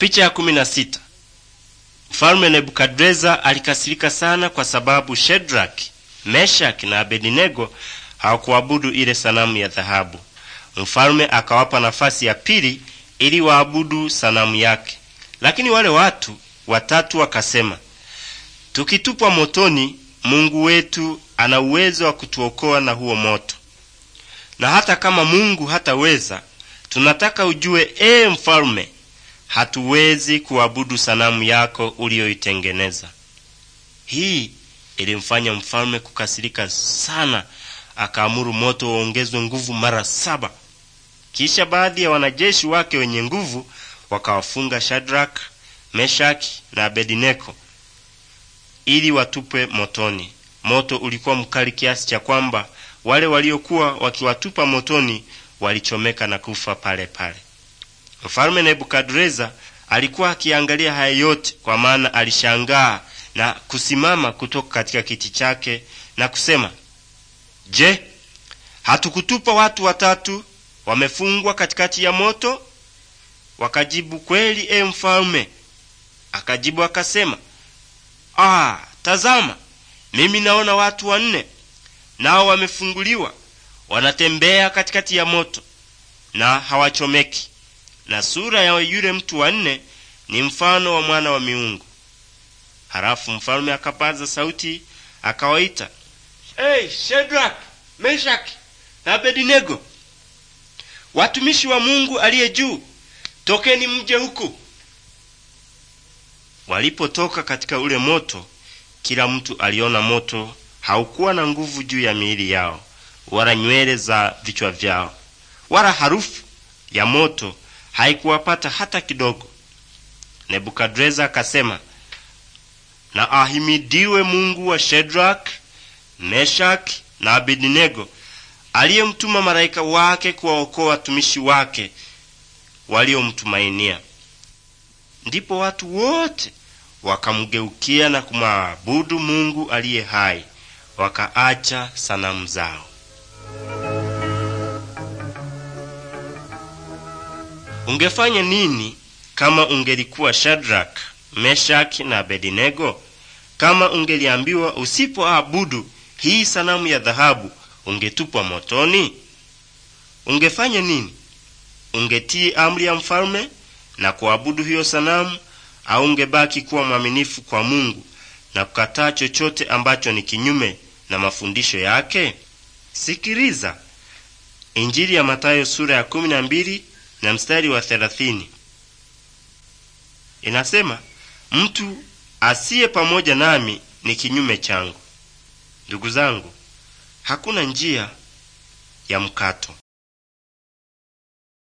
Picha ya kumi na sita. Mfalme Nebukadreza alikasirika sana kwa sababu Shedraki, Meshaki na Abedinego hawakuabudu ile sanamu ya dhahabu. Mfalme akawapa nafasi ya pili ili waabudu sanamu yake, lakini wale watu watatu wakasema, tukitupwa motoni, Mungu wetu ana uwezo wa kutuokoa na huo moto, na hata kama Mungu hataweza, tunataka ujue, ee mfalme hatuwezi kuabudu sanamu yako uliyoitengeneza. Hii ilimfanya mfalme kukasirika sana, akaamuru moto waongezwe nguvu mara saba. Kisha baadhi ya wanajeshi wake wenye nguvu wakawafunga shadrak Meshaki na Abedineko ili watupwe motoni. Moto ulikuwa mkali kiasi cha kwamba wale waliokuwa wakiwatupa motoni walichomeka na kufa pale pale. Mfalme Nebukadreza alikuwa akiangalia haya yote, kwa maana alishangaa na kusimama kutoka katika kiti chake na kusema, Je, hatukutupa watu watatu wamefungwa katikati ya moto? Wakajibu, kweli, e mfalme. Akajibu akasema, ah, tazama, mimi naona watu wanne, nao wamefunguliwa, wanatembea katikati ya moto na hawachomeki na sura ya yule mtu wa nne ni mfano wa mwana wa miungu. Halafu mfalme akapaza sauti akawaita, hey, Shedrak, Meshak na Abednego, watumishi wa Mungu aliye juu, tokeni mje huku. Walipotoka katika ule moto, kila mtu aliona moto haukuwa na nguvu juu ya miili yao wala nywele za vichwa vyao wala harufu ya moto haikuwapata hata kidogo. Nebukadreza akasema, na ahimidiwe Mungu wa Shedrak, Meshak na Abednego aliyemtuma malaika wake kuwaokoa watumishi wake waliomtumainia. Ndipo watu wote wakamgeukia na kumwabudu Mungu aliye hai, wakaacha sanamu zao. Ungefanya nini kama ungelikuwa shadrak Meshaki na Abedinego? Kama ungeliambiwa usipoabudu hii sanamu ya dhahabu ungetupwa motoni, ungefanya nini? Ungetii amri ya mfalme na kuabudu hiyo sanamu, au ungebaki kuwa mwaminifu kwa Mungu na kukataa chochote ambacho ni kinyume na mafundisho yake? Sikiliza Injili ya Mathayo sura ya na mstari wa thelathini inasema, mtu asiye pamoja nami ni kinyume changu. Ndugu zangu, hakuna njia ya mkato.